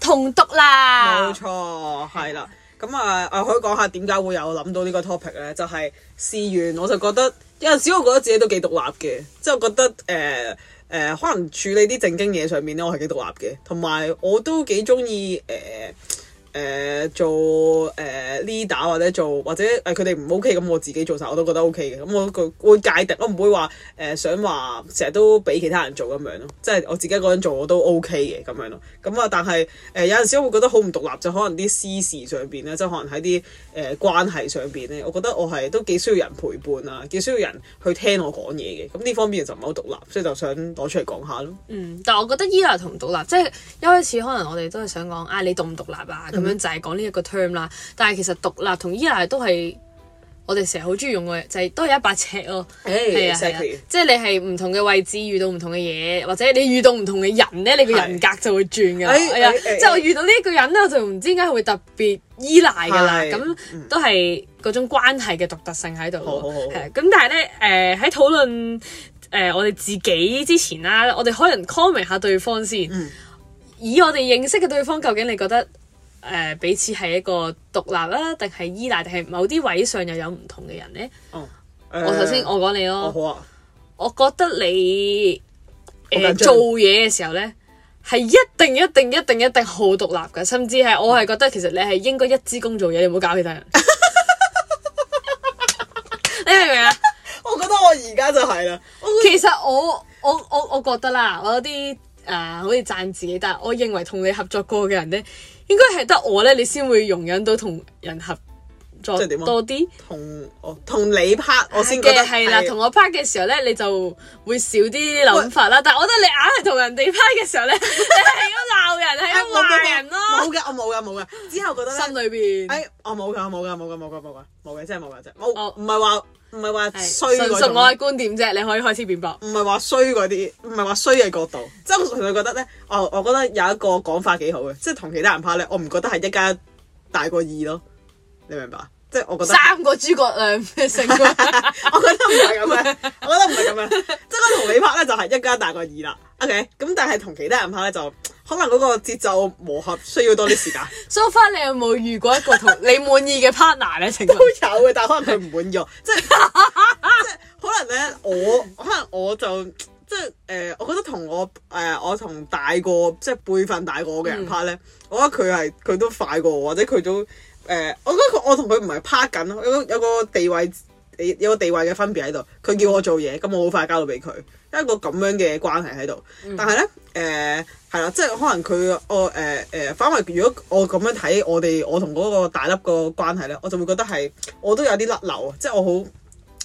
同讀啦，冇錯，係啦。咁啊， 我可以講下點解會有諗到個呢個 topic 咧？就係試完我就覺得，有時我覺得自己都幾獨立嘅，即係我覺得誒誒、呃呃，可能處理啲正經嘢上面咧，我係幾獨立嘅，同埋我都幾中意誒。呃誒、呃、做誒、呃、leader 或者做或者誒佢哋唔 OK 咁我自己做晒我都覺得 OK 嘅咁我會會界定咯唔會話誒、呃、想話成日都俾其他人做咁樣咯，即係我自己一個人做我都 OK 嘅咁樣咯。咁啊但係誒、呃、有陣時會覺得好唔獨立就可能啲私事上邊咧，即係可能喺啲誒關係上邊咧，我覺得我係都幾需要人陪伴啊，幾需要人去聽我講嘢嘅。咁呢方面就唔係好獨立，所以就想攞出嚟講下咯。嗯，但係我覺得依賴同獨立即係一開始可能我哋都係想講啊，你獨唔獨立啊？嗯咁樣就係講呢一個 term 啦，但係其實獨立同依賴都係我哋成日好中意用嘅，就係都有一把尺咯。係啊，即係你係唔同嘅位置遇到唔同嘅嘢，或者你遇到唔同嘅人咧，你嘅人格就會轉噶。係、hey, hey, hey, hey. 啊，即、就、係、是、我遇到呢個人咧，我就唔知點解會特別依賴噶啦。咁、hey, hey, hey, hey, hey. 都係嗰種關係嘅獨特性喺度。好，咁但係咧，誒喺討論誒我哋自己之前啦，我哋可能 comment 下對方先，hey, hey, hey. 以我哋認識嘅對方，究竟你覺得？誒、呃，彼此係一個獨立啦、啊，定係依賴，定係某啲位上又有唔同嘅人呢？嗯呃、我首先我講你咯、哦，啊、我覺得你、呃、做嘢嘅時候呢，係一定一定一定一定好獨立嘅，甚至係我係覺得其實你係應該一枝公做嘢，你唔好搞其他人。 你明唔明啊？我覺得我而家就係啦。其實我我我，我，我覺得啦，我啲。誒，好似讚自己，但係我認為同你合作過嘅人咧，應該係得我咧，你先會容忍到同人合作多啲。同我同你拍，我先嘅係啦，同我拍嘅時候咧，你就會少啲諗法啦。但係我覺得你硬係同人哋拍嘅時候咧，你係喺度鬧人，喺度話人咯。冇嘅，我冇嘅，冇嘅。之後覺得心裏邊，誒，我冇噶，冇噶，冇噶，冇噶，冇噶，冇嘅，真係冇噶，真係冇，唔係話。唔係話衰嗰種，是純屬我嘅觀點啫。你可以開始辯白。唔係話衰嗰啲，唔係話衰嘅角度，即係 純粹覺得咧，我我覺得有一個講法幾好嘅，即係同其他人拍咧，我唔覺得係一加一大過二咯，你明白？即係我覺得三個諸葛亮嘅性格 我，我覺得唔係咁嘅，我覺得唔係咁嘅。即係我同你拍咧就係一加大過二啦。OK，咁但係同其他人拍咧就可能嗰個節奏磨合需要多啲時間。 so far 你有冇遇過一個同你滿意嘅 partner 咧？都有嘅，但係可能佢唔滿意我。即係即係可能咧，我可能我就即係誒、呃，我覺得同我誒、呃，我同大過即係輩分大過嘅人拍咧，嗯、我覺得佢係佢都快過我，或者佢都。 誒、呃，我覺得我同佢唔係 partner 緊咯，有個地位，有個地位嘅分別喺度。佢叫我做嘢，咁我好快交到俾佢，一個咁樣嘅關係。喺度、嗯。但係咧，誒係啦，即係可能佢我誒誒、呃、反為，如果我咁樣睇我哋我同嗰個大粒個關係咧，我就會覺得係。我都有啲甩漏啊，即係我好。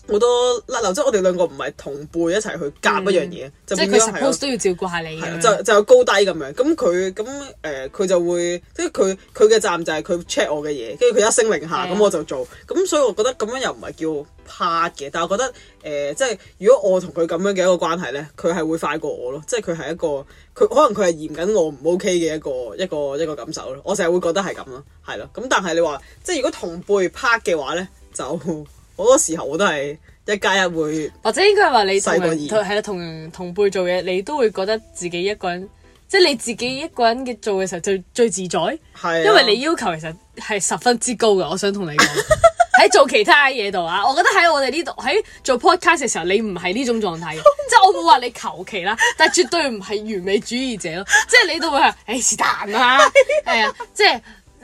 好多嗱，即、就、係、是、我哋兩個唔係同輩一齊去夾一、嗯、一樣嘢，即係佢 suppose 都要照顧下你，就就有高低咁樣。咁佢咁誒，佢、呃、就會即係佢佢嘅站就係佢 check 我嘅嘢，跟住佢一聲令下，咁、嗯、我就做。咁所以我覺得咁樣又唔係叫 partner 嘅，但係我覺得誒、呃，即係如果我同佢咁樣嘅一個關係咧，佢係會快過我咯。即係佢係一個，佢可能佢係嫌緊我唔 OK 嘅一個一個一個一個感受咯。我成日會覺得係咁咯，係咯。咁但係你話即係如果同輩 partner 嘅話咧，就。好多時候我都係一加一會，或者應該係話你細過同同輩做嘢，你都會覺得自己一個人，即係你自己一個人嘅做嘅時候最最自在，係そう 因為你要求其實係十分之高嘅。我想同你講喺 做其他嘢度啊，我覺得喺我哋呢度喺做 podcast 嘅時候，你唔係呢種狀態嘅， 即係我冇話你求其啦， 但係絕對唔係完美主義者咯，即係你都會話誒是但啦，誒即係。 嘗嘗嘗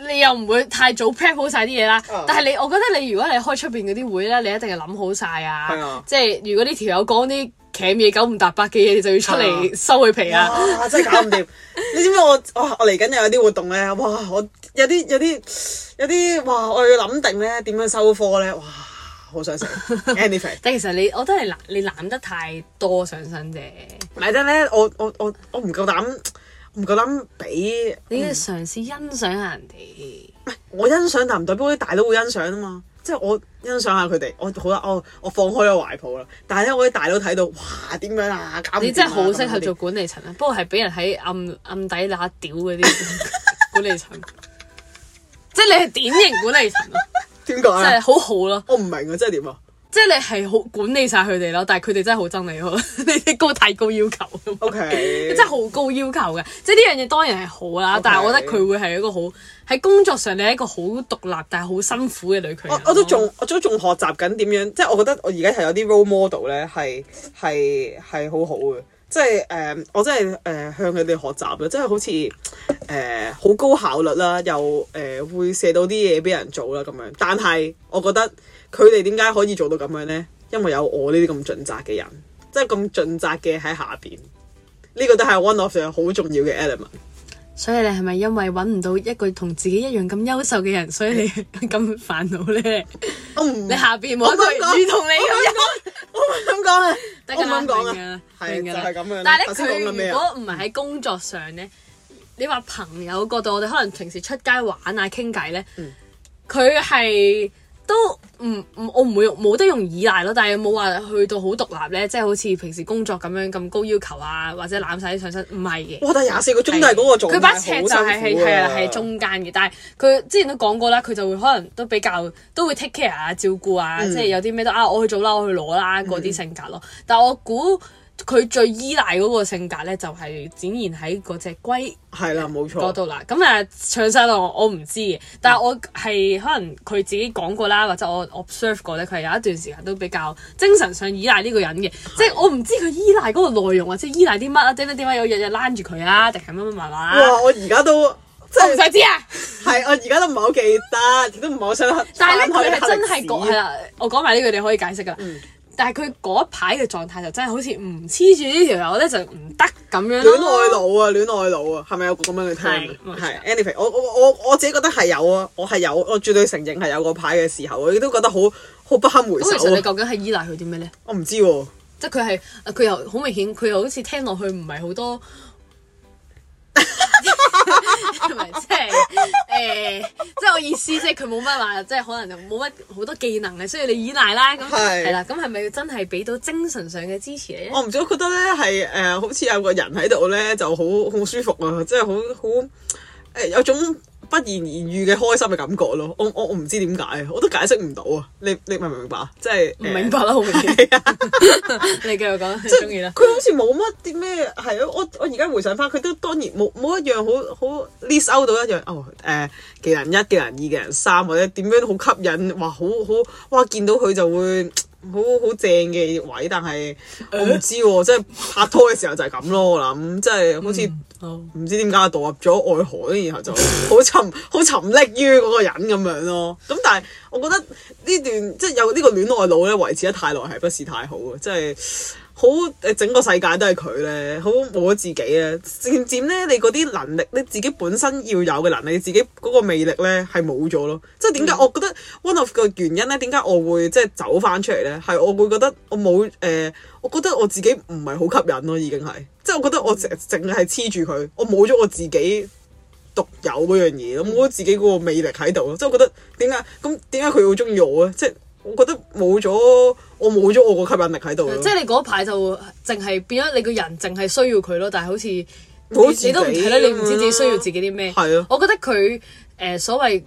你又唔會太早 pack 好晒啲嘢啦，oh. 但係你，我覺得你如果你開出邊嗰啲會咧，你一定係諗好晒啊！Oh. 即係如果呢條友講啲歧義九唔搭八嘅嘢，你就要出嚟收佢皮啊，oh.！真係搞唔掂！ 你知唔知我我嚟緊又有啲活動咧？哇，我有啲有啲有啲哇，我要諗定咧點樣收科咧？哇，好想食。 anyway！但其實你我都係懶，你攬得太多上身啫。唔咪得咧，我我我我唔夠膽。唔夠膽俾，嗯、你要嘗試欣賞下人哋。唔係我欣賞，但唔代表啲大佬會欣賞啊嘛。即係我欣賞下佢哋，我好啦，哦，我放開個懷抱啦。但係咧，我啲大佬睇到，哇，點樣啊？搞啊，你真係好適合做管理層啊！們不過係俾人喺暗暗底那屌嗰啲管理層， 即係你係典型管理層 啊？點講、啊？即係好好咯。我唔明啊，即係點啊？即係你係好管理晒佢哋咯，但係佢哋真係好憎你咯， 你高太高要求，Okay. 真係好高要求嘅。即係呢樣嘢當然係好啦，Okay. 但係我覺得佢會係一個好喺工作上你係一個好獨立但係好辛苦嘅女強人。我都仲我都仲，哦、學習緊點樣，即係我覺得我而家係有啲 role model 咧，係係係好好嘅。即係誒、呃，我真係誒，呃、向佢哋學習咯，即係好似誒好高效率啦，又誒，呃、會射到啲嘢俾人做啦咁樣。但係我覺得。佢哋點解可以做到咁樣咧？因為有我呢啲咁盡責嘅人，即係咁盡責嘅喺下邊，呢個都係 One of the 好重要嘅 element。所以你係咪因為揾唔到一個同自己一樣咁優秀嘅人，所以你咁煩惱咧？不你下邊冇對，我唔敢講啊！我唔敢講啊！我唔敢講啊！係咁樣啦。但係你佢如果唔係喺工作上咧，嗯、你話朋友角度，我哋可能平時出街玩啊傾偈咧，佢係。嗯都唔唔，我唔會冇得用依賴咯。但係冇話去到好獨立咧，即係好似平時工作咁樣咁高要求啊，或者攬晒啲上身，唔係嘅。哇！但係廿四個鐘都係嗰個狀態，好辛苦喎，佢把尺就係係係係中間嘅，但係佢之前都講過啦，佢就會可能都比較都會 take care 啊、照顧啊，嗯、即係有啲咩都啊，我去做啦，我去攞啦嗰啲性格咯。嗯嗯但我估。佢最依賴嗰個性格咧，就係展現喺嗰隻龜係啦，冇錯嗰度啦。咁啊，詳細啦我唔知，但係我係可能佢自己講過啦，或者我 observe 過咧，佢係有一段時間都比較精神上依賴呢個人嘅。的即係我唔知佢依賴嗰個內容或者依賴啲乜是啊，即係點解我日日攬住佢啊？定係乜乜乜麻？哇！我而家都真係唔使知啊！係我而家都唔係好記得，亦都唔係好想但。但係呢，佢係真係講係啦，我講埋呢句，你可以解釋噶。嗯但係佢嗰一排嘅狀態就真係好似唔黐住呢條友咧就唔得咁樣咯。戀愛腦啊，戀愛腦啊，係咪有個咁樣嘅聽？anyway，我我我我自己覺得係有啊，我係有，我絕對承認係有嗰排嘅時候，我都覺得好好不堪回首啊。其實 你究竟係依賴佢啲咩咧？我唔知喎啊，即係佢係佢又好明顯，佢又好似聽落去唔係好多。 係咪即係誒？即係、 欸、我意思， 即係佢冇乜話，即係可能冇乜好多技能嘅，需要你依賴啦。咁係啦，咁係咪真係俾到精神上嘅支持你咧？我唔知，我覺得咧係誒，好似有個人喺度咧，就好好舒服啊！即係好好誒，有種。不言而喻嘅開心嘅感覺咯，我我我唔知點解，我都解釋唔到啊！你你明唔明白啊？即係唔明白啦，好明顯。你繼續講，中意咧，佢好似冇乜啲咩係啊！我我而家回想翻，佢都當然冇冇一樣好好 list out 到一樣哦。誒、呃，技能一、技能二、技能三，或者點樣好吸引？哇！好好哇！見到佢就會～好好正嘅位，但係我唔知喎、啊，呃、即係拍拖嘅時候就係咁咯，我諗即係好似唔、嗯哦、知點解墮入咗愛河，然後就好沉好 沉溺於嗰個人咁樣咯。咁但係我覺得段呢段即係有呢個戀愛腦咧，維持得太耐係不是太好嘅，即係。好誒，整個世界都係佢咧，好冇咗自己咧。漸漸咧，你嗰啲能力，你自己本身要有嘅能力，你自己嗰個魅力咧，係冇咗咯。即係點解我覺得、嗯、One of 嘅原因咧，點解我會即係走翻出嚟咧？係我會覺得我冇誒、呃，我覺得我自己唔係好吸引咯，已經係。即係我覺得我淨淨係黐住佢，我冇咗我自己獨有嗰樣嘢，冇咗、嗯、自己嗰個魅力喺度咯。即係我覺得點解咁點解佢會中意我啊？即係。我覺得冇咗，我冇咗我個吸引力喺度。即係你嗰排就淨係變咗你個人，淨係需要佢咯。但係好似唔知都唔係啦。你唔知自己需要自己啲咩？係啊，啊我覺得佢誒、呃、所謂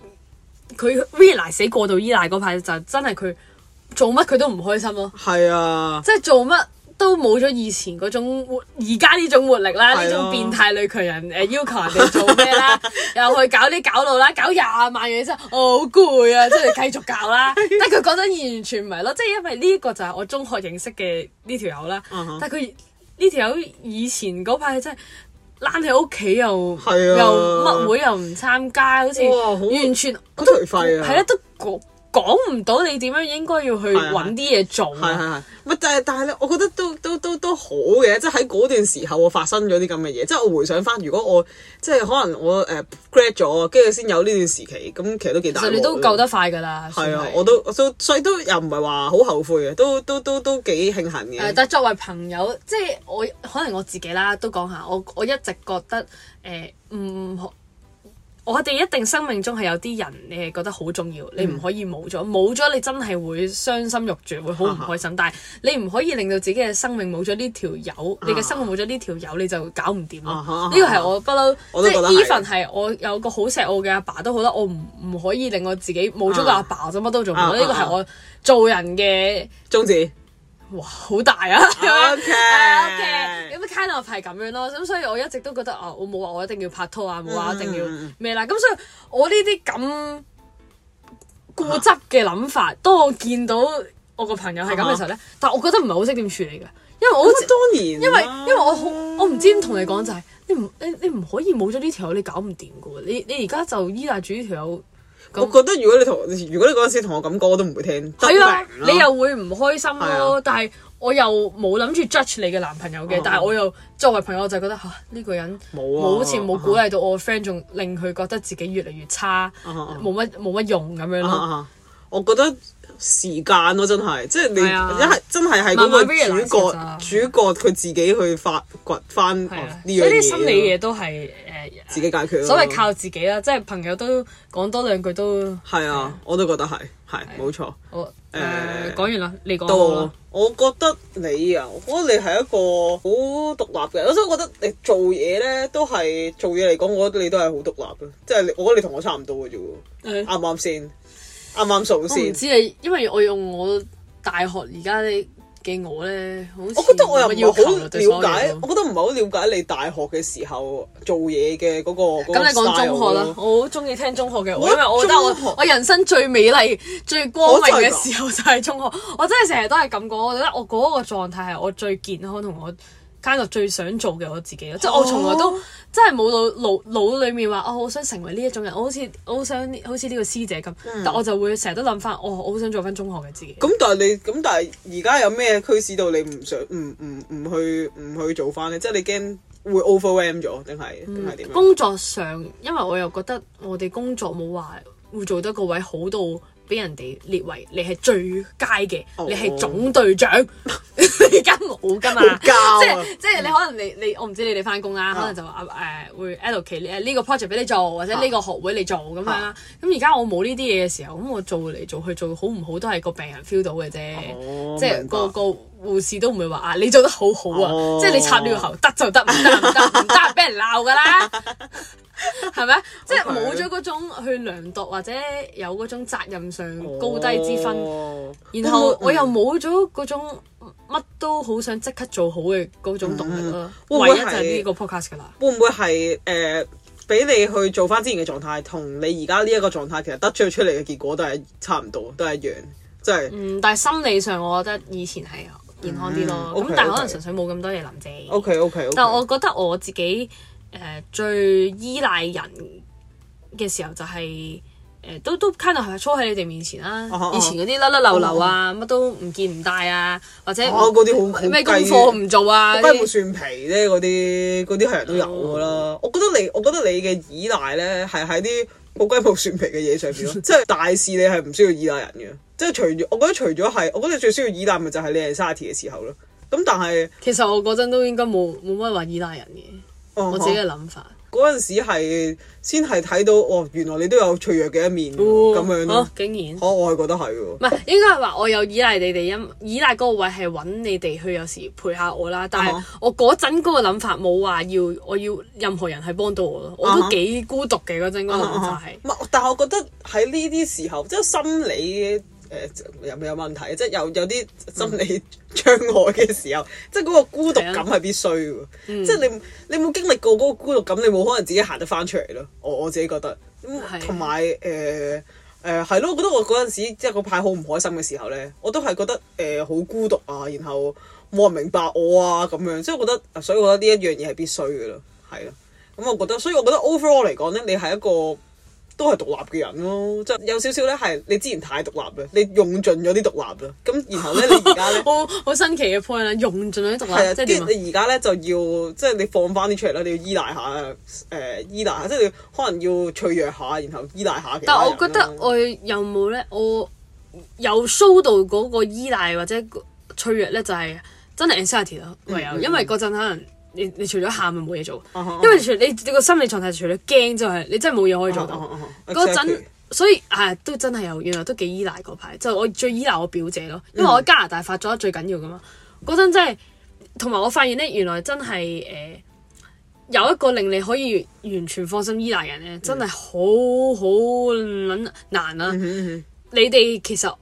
佢 realize 自己過度依賴嗰排就真係佢做乜佢都唔開心咯。係是啊即，即係做乜。都冇咗以前嗰種活，而家呢種活力啦，呢是、啊、種變態女強人誒、呃、要求人哋做咩啦， 又去搞啲搞路啦，搞廿萬嘢之後，好攰啊，即係繼續搞啦。 但佢講得完全唔係咯，即係因為呢一個就係我中學認識嘅呢條友啦。嗯、哼 但佢呢條友以前嗰排真係躝喺屋企又，是啊、又乜會又唔參加，好似完全頹廢啊。都講唔到你點樣應該要去揾啲嘢做啊！係係係，咪 但係但係咧，我覺得都都都都，都好嘅，即係喺嗰段時候我發生咗啲咁嘅嘢，即係我回想翻，如果我即係可能我誒 grad 咗，跟住先有呢段時期，咁其實都幾得意。你都救得快噶啦，係啊是，我都我都，所以都又唔係話好後悔嘅，都都都都幾慶幸嘅。但係作為朋友，即係我可能我自己啦，都講下，我我，我一直覺得誒唔、欸欸欸欸嗯嗯嗯嗯嗯我哋一定生命中係有啲人你係，覺得好重要，嗯、你唔可以冇咗，冇咗你真係會傷心欲絕，會好唔開心。Uh huh. 但係你唔可以令到自己嘅生命冇咗呢條友，uh huh. 你嘅生活冇咗呢條友，你就搞唔掂咯。呢個係我不嬲，uh huh. 即係 even 係我有個好錫我嘅阿爸、爸，都覺得我唔唔可以令我自己冇咗個阿爸、爸，就乜、uh huh. 都做唔到。呢個係我做人嘅宗旨。哇，好大啊 ！OK，OK，Okay.、okay. 咁、so、kind of 係咁樣咯。咁所以我一直都覺得啊，我冇話我一定要拍拖啊，冇話一定要咩啦。咁所以我呢啲咁固執嘅諗法，當我見到我個朋友係咁嘅時候咧，但我覺得唔係好識點處理嘅，因為我當然因為因為我好我唔知點同你講就係，你唔你你唔可以冇咗呢條友，你搞唔掂㗎喎。你你而家就依賴住呢條友。我覺得如果你同如果你嗰陣時同我咁講，我都唔會聽。係啊，啊你又會唔開心咯、啊。啊、但係我又冇諗住 judge 你嘅男朋友嘅。Uh huh. 但係我又作為朋友，就覺得嚇呢、啊呢個人冇、啊、好似冇鼓勵到我 friend，仲令佢覺得自己越嚟越差，冇乜冇乜用咁樣咯。Uh huh. 我覺得。時間咯，真係，即係你一係真係係嗰個主角，主角佢自己去發掘翻呢樣嘢。即係啲心理嘢都係誒自己解決咯。所謂靠自己啦，即係朋友都講多兩句都係啊！我都覺得係，係冇錯。我誒講完啦，你講到。我覺得你啊，我覺得你係一個好獨立嘅，所以我覺得你做嘢咧都係做嘢嚟講，我覺得你都係好獨立咯。即係我覺得你同我差唔多嘅啫喎，啱唔啱先？啱啱熟先？剛剛我唔知啊，因為我用我大學而家嘅我咧，好，我覺得我又要好了解，我覺得唔係好了解你大學嘅時候做嘢嘅嗰個。咁你講中學啦，那個、我好中意聽中學嘅，我因為我覺得我學我人生最美麗、最光明嘅時候就係中學，我，啊、我真係成日都係咁講，我覺得我嗰個狀態係我最健康同我。間度最想做嘅我自己咯，oh? 即係我從來都真係冇腦腦腦裏面話，哦，我好想成為呢一種人，我好似我好想好似呢個師姐咁，mm. 但我就會成日都諗翻，哦，我好想做翻中學嘅自己。咁、嗯、但係你咁但係而家有咩驅使到你唔想唔唔唔去唔去做翻咧？即係你驚會 overwhelm 咗定係定係點？工作上，因為我又覺得我哋工作冇話會做得個位好到。俾人哋列為你係最佳嘅，oh. 你係總隊長。而家冇㗎嘛，即係即係你可能你你我唔知你哋返工啦，啊 uh. 可能就啊誒、呃、會 allocate 呢個 project 俾你做，或者呢個學會你做咁、uh. 樣啦。咁而家我冇呢啲嘢嘅時候，咁我做嚟做去做好唔好都係個病人 feel 到嘅啫，oh, 即係個個護士都唔會話啊你做得好好啊，oh. 即係你插尿喉得就得，唔得唔得唔得俾人鬧㗎啦。 係咪？即係冇咗嗰種去量度或者有嗰種責任上高低之分，oh. 然後我又冇咗嗰種乜都好想即刻做好嘅嗰種動力咯。Oh. 嗯、唯一就係呢個 podcast 噶啦。會唔會係誒俾你去做翻之前嘅狀態，同你而家呢一個狀態其實得罪出嚟嘅結果都係差唔多，都係一樣，即、就、係、是。嗯，但係心理上我覺得以前係健康啲咯，咁、嗯 okay, okay. 但係可能純粹冇咁多嘢諗姐。O K O K 但我覺得我自己。誒最依賴人嘅時候就係誒都都 kind of 係初喺你哋面前啦。Uh、huh, 以前嗰啲甩甩流流啊，乜、uh huh. 都唔見唔帶啊，或者啊嗰啲好好咩？功課唔做啊，雞毛蒜皮咧嗰啲嗰啲係人都有噶啦、啊 uh huh.。我覺得你我覺得你嘅依賴咧係喺啲冇雞毛蒜皮嘅嘢上面咯，即係 大事你係唔需要依賴人嘅。即係 除咗我覺得除咗係我覺得最需要依賴咪就係你係 shitty 嘅時候咯。咁但係 其實我嗰陣都應該冇冇乜話依賴人嘅。Uh huh. 我自己嘅諗法，嗰陣時係先係睇到哦，原來你都有脆弱嘅一面咁、哦、樣咯、哦，竟然嚇、哦、我係覺得係喎，唔係應該係話我有依賴你哋，因依賴嗰個位係搵你哋去有時陪下我啦，但係我嗰陣嗰個諗法冇話要我要任何人係幫到我咯，我都幾孤獨嘅嗰陣嗰個諗法係，唔係、uh huh. 但係我覺得喺呢啲時候即係心理嘅。誒、呃、有有問題，即係有有啲心理障礙嘅時候，嗯、即係嗰個孤獨感係必須嘅、嗯、即係你你冇經歷過嗰個孤獨感，你冇可能自己行得翻出嚟咯。我我自己覺得，同埋誒誒係咯。我覺得我嗰陣時即係嗰排好唔開心嘅時候咧，我都係覺得誒好、呃、孤獨啊，然後冇人明白我啊咁樣。即我覺得，所以我覺得呢一樣嘢係必須嘅咯，係咯。咁我覺得，所以我覺得 overall 嚟講咧，你係一個，都係獨立嘅人咯，即係有少少咧係你之前太獨立啦，你用盡咗啲獨立啦，咁然後咧你而家咧，我 好新奇嘅 point 啊，用盡咗啲獨立，即係你而家咧就要即係、就是、你放翻啲出嚟啦，你要依賴下誒、呃、依賴下，即係可能要脆弱下，然後依賴下。但係我覺得我有冇咧，我有 show 到嗰個依賴或者脆弱咧，就係真係 anxiety 咯，唯有，嗯嗯、因為嗰陣可能。你你除咗喊咪冇嘢做，uh huh, uh huh. 因為你除你你個心理狀態除咗驚之外，你真係冇嘢可以做到。嗰陣，所以係、啊、都真係有，原來都幾依賴嗰排。就我最依賴我表姐咯，因為我喺加拿大發作得最緊要㗎嘛。嗰陣、mm hmm. 真係，同埋我發現咧，原來真係誒、呃、有一個令你可以完全放心依賴人咧，真係好好撚難啊！Mm hmm. 你哋其實。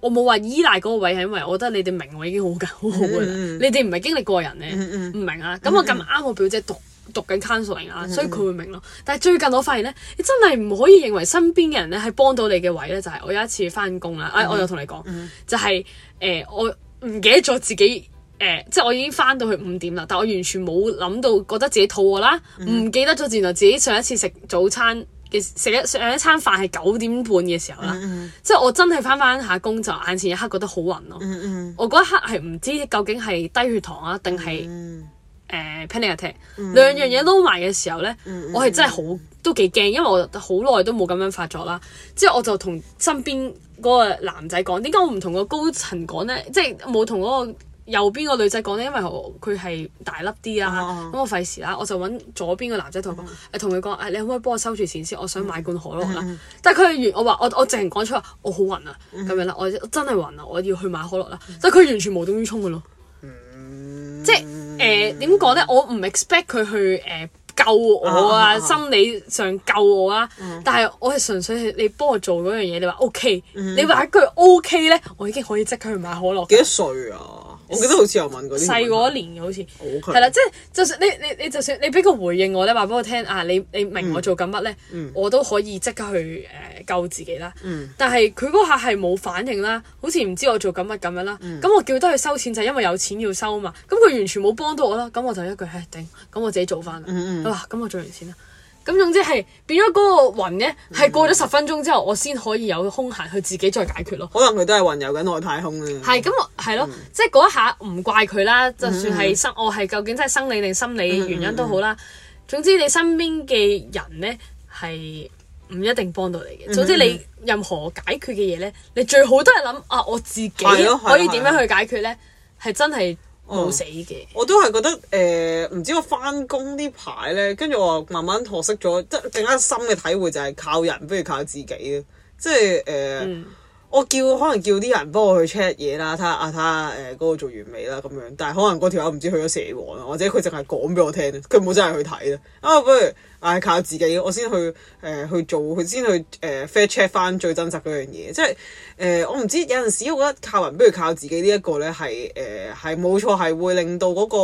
我冇話依賴嗰個位，係因為我覺得你哋明我已經好緊好好嘅啦。嗯嗯、你哋唔係經歷過人咧，唔、嗯嗯、明啊。咁、嗯嗯、我咁啱，我表姐讀讀緊 counseling 啊、嗯，嗯、所以佢會明咯。但係最近我發現咧，你真係唔可以認為身邊嘅人咧係幫到你嘅位咧，就係、是、我有一次翻工啦。誒，我又同你講，嗯、就係、是、誒、呃，我唔記得咗自己誒、呃，即係我已經翻到去五點啦，但我完全冇諗到，覺得自己肚餓啦，唔、嗯、記得咗原來自己上一次食早餐。食一食一餐飯係九點半嘅時候啦，mm hmm. 即係我真係翻翻下工就眼前一刻覺得好暈咯、啊，mm hmm. 我嗰一刻係唔知究竟係低血糖啊定係誒 panic attack 兩樣嘢撈埋嘅時候咧，mm hmm. 我係真係好都幾驚，因為我好耐都冇咁樣發作啦。之後我就同身邊嗰個男仔講，點解我唔同個高層講咧？即係冇同嗰個右邊個女仔講咧，因為佢係大粒啲啦，咁我費事啦，我就搵左邊個男仔同佢講，同佢講你可唔可以幫我收住錢先？我想買罐可樂啦。但係佢完我話我我直情講出話，我好暈啊，咁樣啦，我真係暈啊，我要去買可樂啦。即係佢完全無動於衷嘅咯，即係誒點講咧？我唔 expect 佢去誒救我啊，心理上救我啊。但係我係純粹係你幫我做嗰樣嘢。你話 OK，你話一句 OK 咧，我已經可以即刻去買可樂。幾多歲啊？我記得好似有問過嗰啲細我一年嘅好似係 Okay. 啦，即係就算你你你就算你俾個回應我咧，話俾我聽啊，你你明我做緊乜咧？嗯、我都可以即刻去誒、呃、救自己啦。嗯、但係佢嗰下係冇反應啦，好似唔知我做緊乜咁樣啦。咁、嗯、我叫得佢收錢就係、是、因為有錢要收嘛。咁佢完全冇幫到我啦。咁我就一句唉、哎、頂，咁我自己做翻啦。哇、嗯嗯，咁、啊、我做完先啦。咁總之係變咗嗰個雲咧，係過咗十分鐘之後，我先可以有空閒去自己再解決咯。可能佢都係雲遊緊外太空咧、嗯。係咁，係咯，嗯、即係嗰一下唔怪佢啦。嗯、就算係生，我係究竟真係生理定心理原因都好啦。嗯嗯，總之你身邊嘅人咧係唔一定幫到你嘅。嗯嗯，總之你任何解決嘅嘢咧，你最好都係諗啊，我自己可以點樣去解決咧？係真係。冇、哦、死嘅，我都係覺得誒，唔、呃、知我翻工呢排咧，跟住我慢慢學識咗，即係更加深嘅體會就係靠人不如靠自己咯。即係誒，呃嗯、我叫可能叫啲人幫我去 check 嘢啦，睇下啊，睇下誒嗰個做完美啦咁樣，但係可能嗰條友唔知去咗蛇王啦，或者佢淨係講俾我聽，佢冇真係去睇啦啊，不如～係靠自己，我先去誒去做，佢先去誒 fair check 翻最真實嗰樣嘢，即係誒我唔知有陣時，我覺得靠人不如靠自己呢一個咧係誒係冇錯，係會令到嗰個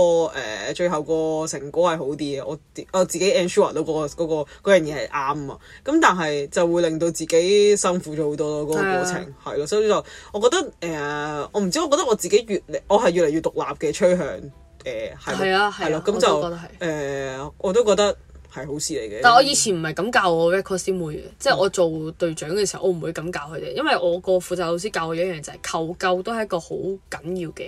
誒最後個成果係好啲嘅。我我自己 ensure 到嗰個嗰個嗰樣嘢係啱啊！咁但係就會令到自己辛苦咗好多咯。嗰個過程係咯，所以就我覺得誒，我唔知，我覺得我自己越嚟我係越嚟越獨立嘅趨向誒，係係咯，咁就誒我都覺得。係好事嚟嘅，但我以前唔係咁教我 record 師妹嘅，嗯、即係我做隊長嘅時候，我唔會咁教佢哋，因為我個負責老師教我一樣就係、是、求救都係一個好緊要嘅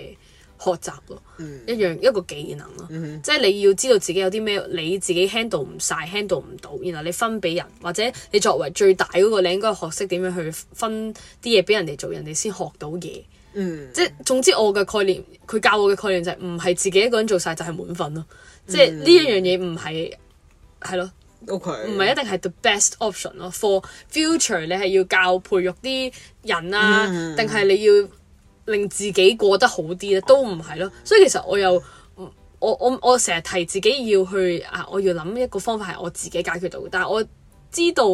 學習咯，一樣、嗯、一個技能咯，嗯、哼 即係你要知道自己有啲咩你自己 handle 唔晒，handle 唔到，然後你分俾人或者你作為最大嗰個，你應該學識點樣去分啲嘢俾人哋做，人哋先學到嘢。嗯、即係總之我嘅概念，佢教我嘅概念就係唔係自己一個人做晒就係、是、滿分咯，即係呢一樣嘢唔係。係咯，唔係 Okay. 一定係 the best option 咯。For future，你係要教培育啲人啊，定係、mm hmm. 你要令自己過得好啲咧？都唔係咯。所以其實我又我我我成日提自己要去啊，我要諗一個方法係我自己解決到，但係我知道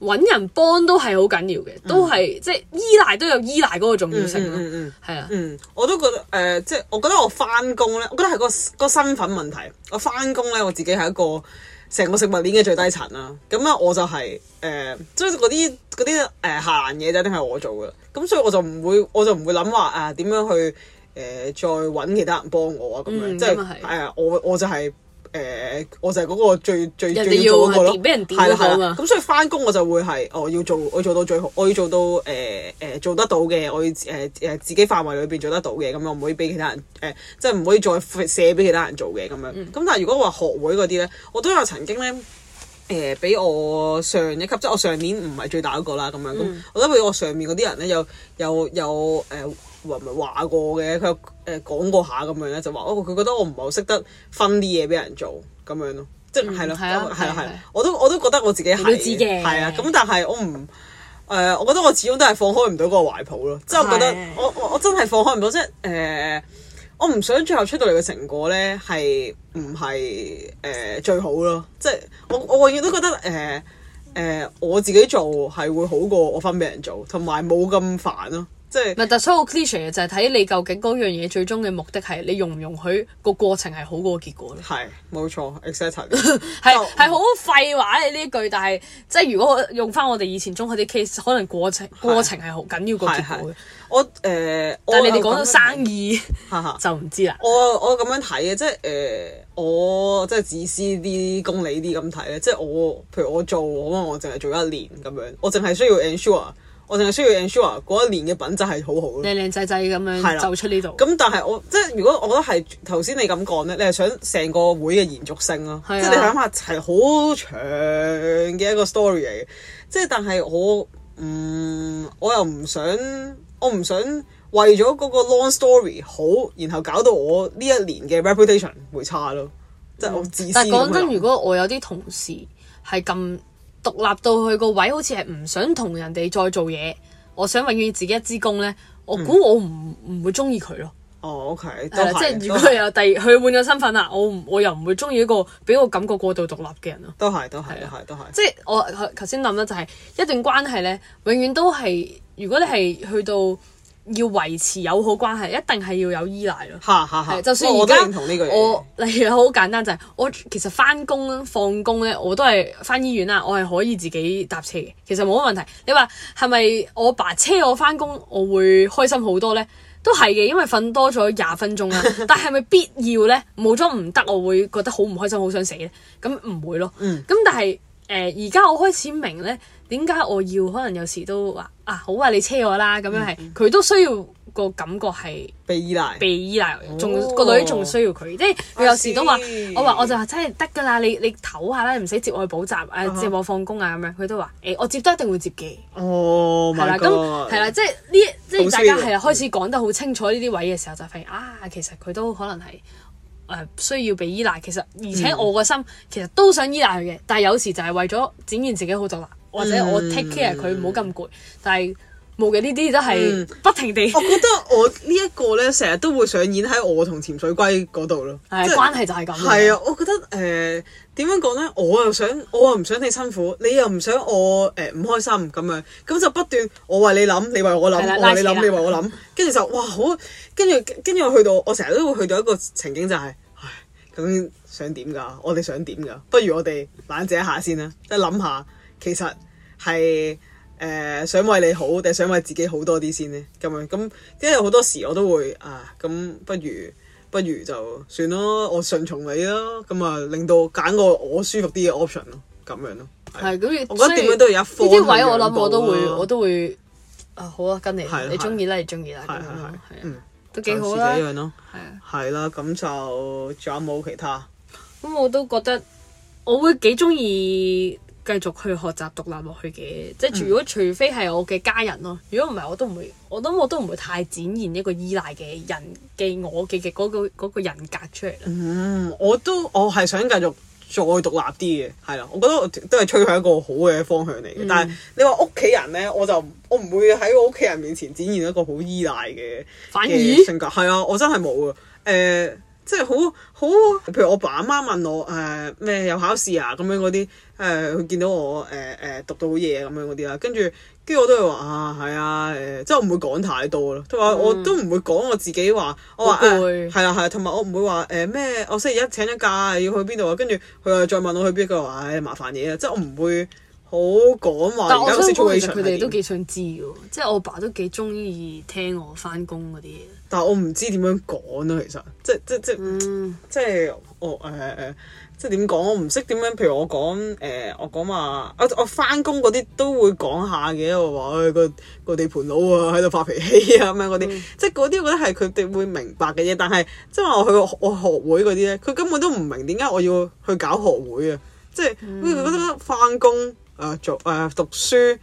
搵人幫都係好緊要嘅，mm hmm. 都係即係依賴都有依賴嗰個重要性咯。係啊，我都覺得誒、呃，即係我覺得我返工咧，我覺得係個個身份問題。我返工咧，我自己係一個。成個食物鏈嘅最低層啦，咁啊我就係、是、誒，即係嗰啲嗰啲誒鹹嘢就一定係我做噶啦，咁所以我就唔會，我就唔會諗話啊點樣去誒、呃、再揾其他人幫我啊咁、嗯、樣，即係是誒的、呃、我我就係、是。誒、呃，我就係嗰個最最最要做嗰個咯，係咯係咯，咁、嗯、所以翻工我就會係，我要做我要做到最好，我要做到誒誒、呃呃、做得到嘅，我要誒誒、呃、自己範圍裏邊做得到嘅，咁樣唔可以俾其他人誒、呃，即係唔可以再卸俾其他人做嘅咁樣。咁、嗯、但係如果話學會嗰啲咧，我都有曾經咧。誒俾、呃、我上一級，即係我上年唔係最大嗰個啦，咁樣咁，嗯、我覺得我上面嗰啲人咧，有又又誒話話過嘅，佢又誒講過下咁樣咧，就話哦，佢、呃、覺得我唔係好識得分啲嘢俾人做咁樣咯，即係係咯我都我都覺得我自己係啊，咁但係我唔誒，我覺得我始終都係放開唔到嗰個懷抱咯，即係的我覺得我我，我真係放開唔到，即係誒。我唔想最後出到嚟嘅成果咧，係唔係誒最好咯？即係我我永遠都覺得誒誒、呃呃、我自己做係會好過我分俾人做，同埋冇咁煩咯。即係，唔係，但所有 criteria 就係睇你究竟嗰樣嘢最終嘅目的係你容唔容許個過程係好過結果咧？係，冇錯，exactly 係係好廢話你呢一句，但係即係如果用翻我哋以前中學嗰啲 case，可能過程過程係好緊要過結果係係係我誒，呃、但係你哋講到生意， 就唔知啦。我我咁樣睇嘅，即係誒、呃，我即係自私啲、公理啲咁睇咧。即係我，譬如我做，可能我淨係做一年咁樣，我淨係需要 ensure。我淨係需要 ensure 嗰一年嘅品質係好好，靚靚仔仔咁樣就出呢度。咁但係我即係如果我覺得係頭先你咁講咧，你係想成個會嘅延續性咯。即係你諗下係好長嘅一個 story 嚟嘅。即係但係我唔，我又唔想，我唔想為咗嗰個 long story 好，然後搞到我呢一年嘅 reputation 會差咯。即係我自私。但係講真，如果我有啲同事係咁。獨立到佢個位，好似係唔想同人哋再做嘢。我想永遠自己一枝公呢，我估我唔唔會中意佢咯。哦，OK，都係。即係如果佢有第二，佢換咗身份啊，我我又唔會中意一個俾我感覺過度獨立嘅人咯。都係，都係，係啦，都係。即係我頭先諗得就係，一段關係呢，永遠都係，如果你係去到。要維持友好關係，一定係要有依賴咯。嚇嚇嚇！就算而家我，我例如好簡單就係、是、我其實返工放工咧，我都係返醫院啦。我係可以自己搭車嘅，其實冇乜問題。你話係咪我爸車我返工，我會開心好多呢？都係嘅，因為瞓多咗廿分鐘啦。 但係咪必要呢？冇咗唔得，我會覺得好唔開心，好想死咧。咁唔會咯。嗯。咁但係。誒，而家我開始明咧，點解我要可能有時都話啊，好啊，你車我啦，咁樣，係佢都需要個感覺係被依賴被依賴，仲、哦、個女仲需要佢，哦、即係佢有時都話噢我話我就話真係得㗎啦，你你唞下啦，唔使接我去補習啊，接我放工啊咁樣，佢都話誒、欸、我接都一定會接嘅。哦，係啦咁係啦，即係呢即係大家係開始講得好清楚呢啲位嘅時候，就發現啊，其實佢都可能係。需要被依賴，其實而且我個心其實都想依賴佢嘅，嗯、但係有時就係為咗展現自己好獨立，或者我 take care 佢唔好咁攰，但係冇嘅呢啲都係不停地。我覺得我、呃、呢一個咧，成日都會上演喺我同潛水龜嗰度咯，係關係就係咁。係啊，我覺得誒，點樣講咧？我又想，我又唔想你辛苦，你又唔想我誒唔、呃、開心咁樣，咁就不斷我為你諗，你為我諗，的我為你諗你為我諗，跟住就哇好，跟住跟住我去到我成日都會去到一個情景就係、是。咁想點噶？我哋想點噶？不如我哋冷靜一下先啦，即係諗下，其實係誒想為你好定係想為自己好多啲先呢？咁樣咁，因為好多時我都會啊，咁不如不如就算咯，我順從你咯，咁啊令到揀個我舒服啲嘅 option 咯，咁樣咯。係，咁我覺得點樣都有一方嘅。呢啲位我諗，我都會，我都會啊好啊，跟你你中意啦，你中意啦，係係係，嗯。都幾好啦，係啊，係 啦，咁就仲有冇其他？咁 我都覺得我會幾中意繼續去學習獨立落去嘅，即係如果除非係我嘅家人咯，如果唔係，我都唔會，我諗我都唔會太展現一個依賴嘅人嘅我嘅嘅嗰個嗰個人格出嚟。嗯， 我都我係想繼續。再獨立啲嘅，係啦，我覺得都係趨向一個好嘅方向嚟。嘅、嗯。但係你話屋企人呢，我就我唔會喺我屋企人面前展現一個好依賴嘅而性格。係啊，我真係冇啊。誒、呃。即係好好，譬如我爸阿媽問我誒咩、呃、有考試啊咁樣嗰啲誒，佢見、呃、到我誒誒、呃、讀到好夜咁樣嗰啲啦，跟住跟住我都會話啊係啊誒，即係我唔會講太多咯。佢話我都唔會講我自己話，我話係啊係啊，同埋我唔會話誒咩，我星期一請咗假要去邊度啊。跟住佢又再問我去邊，佢話唉麻煩嘢啊，即係我唔會好講話。但係我想講嘅，佢哋都幾想知喎，即係我爸都幾中意聽我翻工嗰啲嘢。但係我唔知點樣講啦，其實即即、嗯、即即係我誒即點講，我唔識點樣。譬如我講誒、呃，我講話我我翻工嗰啲都會講下嘅，我話誒個個地盤佬啊喺度發脾氣啊咁樣嗰啲，嗯、即嗰啲我覺得係佢哋會明白嘅嘢。但係即話我去我去學會嗰啲咧，佢根本都唔明點解我要去搞學會啊。即係佢、嗯、覺得翻工誒做誒、呃、讀書。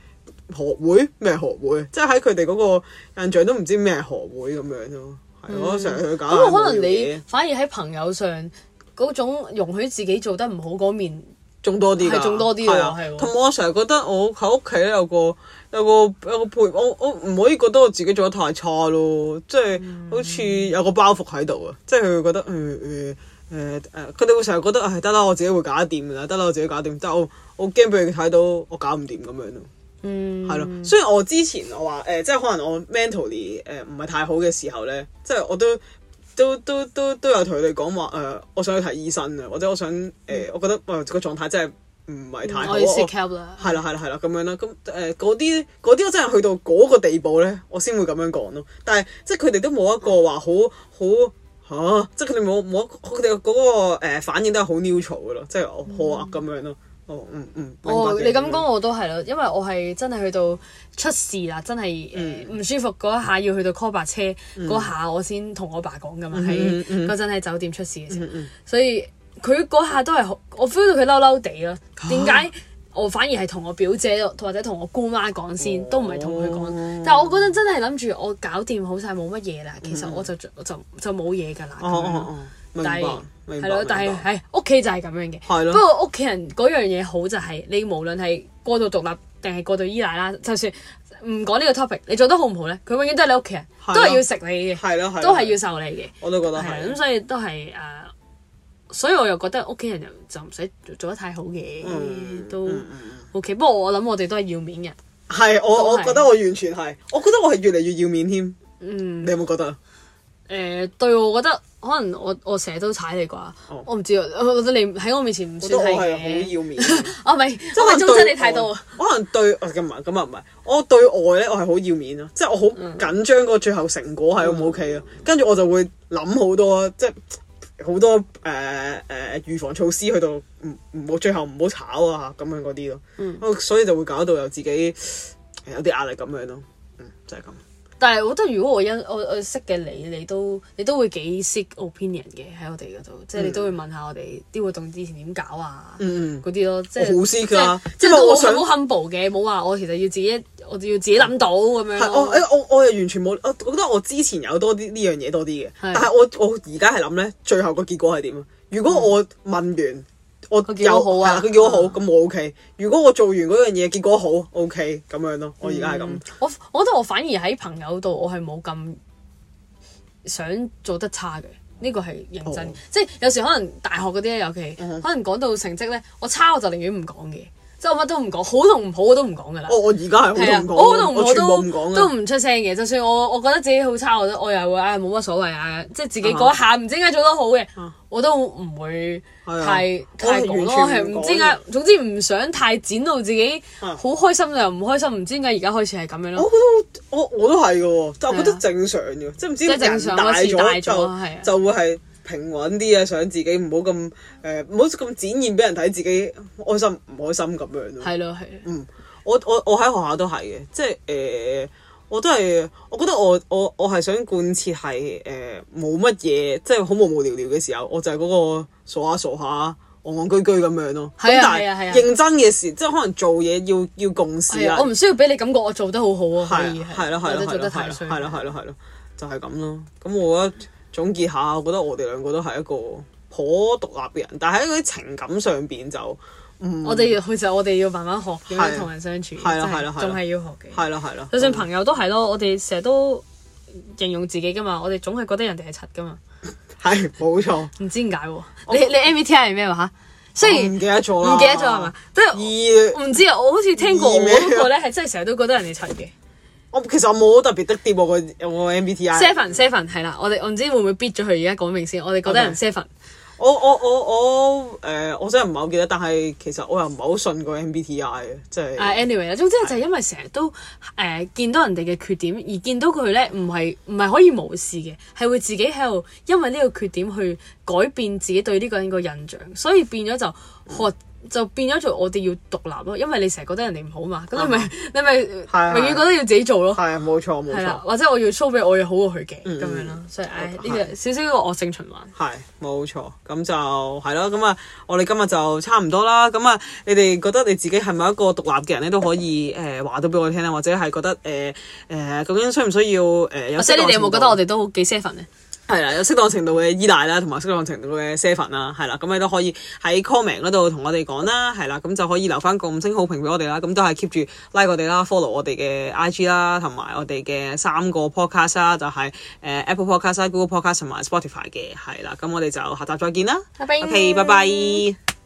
何會咩？何會？即係喺佢哋嗰個印象都唔知咩係何會咁樣咯，係咯、嗯，成日去搞、嗯。咁啊，可能你反而喺朋友上嗰種容許自己做得唔好嗰面，仲多啲，係仲多啲係，同埋我成日覺得我喺屋企咧，有個有個有個配我，我唔可以覺得我自己做得太差咯，即係好似有個包袱喺度啊。嗯、即係佢會覺得誒誒誒誒，佢哋會成日覺得誒、哎哎、得啦，我自己會搞得掂噶啦，得啦，我自己搞掂。但係我我驚俾人睇到我搞唔掂咁樣咯。嗯，係咯、mm.，所以我之前我話誒、呃，即係可能我 mentally 誒、呃、唔係太好嘅時候咧，即係我都都都都都有同佢哋講話誒，我想去睇醫生啊，或者我想誒，呃 mm. 我覺得我個狀態真係唔係太好，係啦係啦係啦咁樣啦，咁誒嗰啲嗰啲我真係去到嗰個地步咧，我先會咁樣講咯。但係即係佢哋都冇一個話好好吓，即係佢哋冇冇佢哋嗰個誒、那個呃、反應都係好 neutral 噶咯，即係我好啊咁樣咯。嗯嗯，哦，你咁講我都係咯，因為我係真係去到出事啦，真係唔舒服嗰一下要去到 call 白車嗰下，我先同我爸講㗎嘛，喺嗰陣喺酒店出事嘅時候，所以佢嗰下都係我 feel 到佢嬲嬲哋咯。點解我反而係同我表姐或者同我姑媽講先，都唔係同佢講。但係我嗰陣真係諗住我搞掂好晒冇乜嘢啦，其實我就就就冇嘢㗎啦。哦哦係咯，但係喺屋企就係咁樣嘅。的不過屋企人嗰樣嘢好就係，你無論係過度獨立定係過度依賴啦，就算唔講呢個 topic，你做得好唔好咧，佢永遠都係你屋企人，都係要食你嘅，都係要受你嘅。我都覺得係，咁所以都係誒、呃，所以我又覺得屋企人就就唔使做得太好嘅，嗯、都 OK、嗯。嗯、不過我諗我哋都係要面嘅。係，我是我覺得我完全係，我覺得我係越嚟越要面添。嗯，你有冇覺得？誒、呃，對我覺得。可能我我成日都踩你啩，oh，我唔知啊，我覺得你喺我面前唔算係都係好要面，啊咪 是，因為中間你睇到，可能對啊咁啊咁啊唔係，我對外咧，我係好要面咯，嗯、即係我好緊張個最後成果係唔 OK 咯，跟住、嗯、我就會諗好多，即係好多誒誒、呃呃、預防措施去到唔唔好最後唔好炒啊咁樣嗰啲咯，嗯、所以就會搞到有自己有啲壓力咁樣咯，嗯，就係、是、咁。但係我覺得如果我因我我識嘅你，你都你都會幾 seek opinion 嘅喺我哋嗰度，嗯、即係你都會問下我哋啲活動之前點搞啊，嗰啲咯，即係即係我好 humble 嘅，冇話我其實要自己，我要自己諗到咁樣、嗯我。我我又完全冇，我覺得我之前有多啲是呢樣嘢多啲嘅，但係我我而家係諗咧，最後個結果係點？如果我問完。嗯我有覺得好啊，佢叫我好，咁我 OK。如果我做完嗰樣嘢，結果好，OK，咁樣咯。我而家係咁。我、嗯、我覺得我反而喺朋友度，我係冇咁想做得差嘅。呢個係認真，嗯、即係有時可能大學嗰啲咧，尤其、嗯、哼可能講到成績咧，我差我就寧願唔講嘅。即係我乜都唔講，好同唔好我都唔講嘅啦。我而家係我好同唔好都唔出聲嘅。就算我我覺得自己好差，我都我又會唉冇乜所謂啊！即係自己嗰下唔知點解做得好嘅，我都唔會太太講咯。係唔知點解，總之唔想太展露自己好開心又唔開心，唔知點解而家開始係咁樣咯。我覺得，我我都係嘅，但我覺得正常嘅，即唔知點解，個影大咗就就會係。平穩啲啊，想自己唔好咁誒，唔好咁展現俾人睇自己開心唔開心咁樣咯。係咯，係。嗯，我我我喺學校都係嘅，即係誒，我都係，我覺得我我我係想貫徹係誒冇乜嘢，即係好無無聊聊嘅時候，我就係嗰個傻下傻下，戇戇居居咁樣咯。咁但係啊，啊。認真嘅事，即係可能做嘢要要共事啦。我唔需要俾你感覺我做得好好啊。係係啦，係啦，係啦，係啦，係啦，係啦，就係咁咯。咁我覺得。總結下，我覺得我哋兩個都係一個頗獨立嘅人，但喺嗰啲情感上邊就、嗯、我哋其實我哋要慢慢學點樣同人相處，係啦係仲係要學嘅，係啦係就算朋友都係咯，我哋成日都形容自己噶嘛，我哋總係覺得人哋係柒噶嘛，係冇 錯。唔知點解喎？你你 MBTI 係咩話？雖然唔記得咗，唔記得咗係嘛？即係二唔知啊！我好似聽過我嗰個咧係真係成日都覺得人哋柒嘅。我其實我冇特別得掂我個我 MBTI。Seven Seven 係啦，我哋我唔知會唔會迫咗佢而家講明先，我哋覺得人 Seven、okay。我我我我誒，我真係唔係好記得，但係其實我又唔係好信個 MBTI 即係。anyway 啦，總之就係因為成日都誒、呃、見到人哋嘅缺點，對而見到佢咧唔係唔係可以無視嘅，係會自己喺度因為呢個缺點去改變自己對呢個人個印象，所以變咗就學。嗯就變咗做我哋要獨立咯，因為你成日覺得人哋唔好嘛，咁、啊、你咪、啊、你咪永遠覺得要自己做咯。係啊是，冇錯，冇錯。或者我要 show 俾我要好過去嘅咁樣啦，所以呢個少少個惡性循環。係冇錯，咁就係咯，咁啊，我哋今日就差唔多啦。咁啊，你哋覺得你自己係咪一個獨立嘅人咧都可以誒話到俾我聽咧，或者係覺得誒誒究竟需唔需要誒、呃、有？或者你哋有冇覺得我哋都幾 seven 呢？7? 係啦，有適當程度嘅依賴啦，同埋適當程度嘅啡粉啦，係啦，咁你都可以喺 comment 嗰度同我哋講啦，係啦，咁就可以留翻個五星好評俾我哋啦，咁都係 keep 住 like 我哋啦，follow 我哋嘅 IG 啦，同埋我哋嘅三個 podcast 啦，就係誒、Apple Podcast、Google Podcast 同埋 Spotify 嘅，係啦，咁我哋就下集再見啦，OK，拜拜。